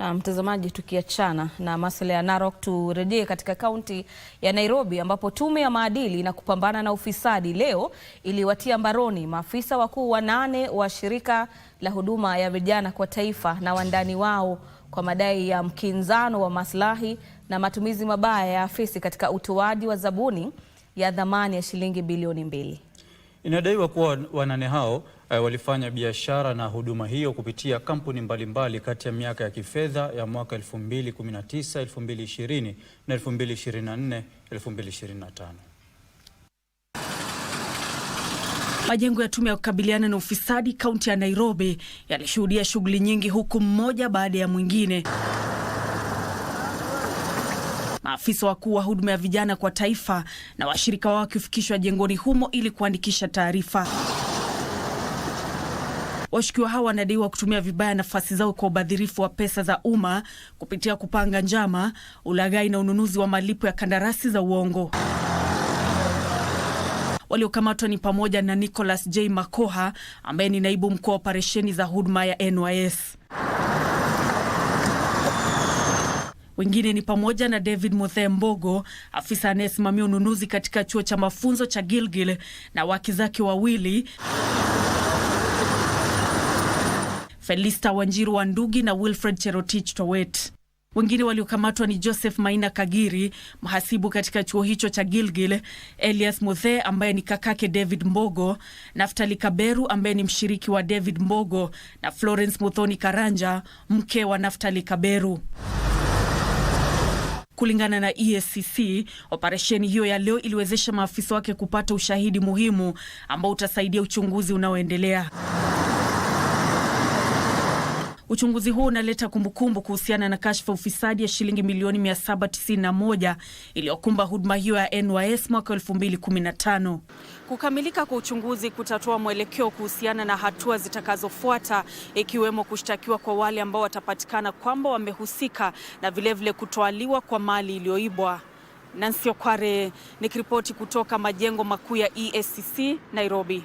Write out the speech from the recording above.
Na mtazamaji, tukiachana na masuala ya Narok, turejee katika kaunti ya Nairobi ambapo tume ya maadili na kupambana na ufisadi leo iliwatia mbaroni maafisa wakuu wanane wa shirika la huduma ya vijana kwa taifa na wandani wao kwa madai ya mkinzano wa maslahi na matumizi mabaya ya afisi katika utoaji wa zabuni ya dhamani ya shilingi bilioni mbili. Inadaiwa kuwa wanane hao Eh, walifanya biashara na huduma hiyo kupitia kampuni mbalimbali kati ya miaka ya kifedha ya mwaka 2019, 2020 na 2024, 2025. Majengo ya tume ya kukabiliana na ufisadi kaunti ya Nairobi yalishuhudia shughuli nyingi huku mmoja baada ya mwingine maafisa wakuu wa huduma ya vijana kwa taifa na washirika wao wakifikishwa jengoni humo ili kuandikisha taarifa. Washukiwa hao wanadaiwa kutumia vibaya nafasi zao kwa ubadhirifu wa pesa za umma kupitia kupanga njama, ulaghai na ununuzi wa malipo ya kandarasi za uongo. Waliokamatwa ni pamoja na Nicholas J Makoha ambaye ni naibu mkuu wa operesheni za huduma ya NYS. Wengine ni pamoja na David Muthe Mbogo, afisa anayesimamia ununuzi katika chuo cha mafunzo cha Gilgil na waki zake wawili Felista Wanjiru wa Ndugi na Wilfred Cherotich Towet. Wengine waliokamatwa ni Joseph Maina Kagiri, mhasibu katika chuo hicho cha Gilgil, Elias Muthe ambaye ni kakake David Mbogo, Naftali Kaberu ambaye ni mshiriki wa David Mbogo na Florence Muthoni Karanja, mke wa Naftali Kaberu. Kulingana na EACC, operesheni hiyo ya leo iliwezesha maafisa wake kupata ushahidi muhimu ambao utasaidia uchunguzi unaoendelea. Uchunguzi huu unaleta kumbukumbu kuhusiana na kashfa ufisadi ya shilingi milioni 791 iliyokumba huduma hiyo ya NYS mwaka 2015. Kukamilika kwa uchunguzi kutatoa mwelekeo kuhusiana na hatua zitakazofuata, ikiwemo kushtakiwa kwa wale ambao watapatikana kwamba wamehusika na vilevile kutoaliwa kwa mali iliyoibwa. Nancy Okware nikiripoti kutoka majengo makuu ya EACC Nairobi.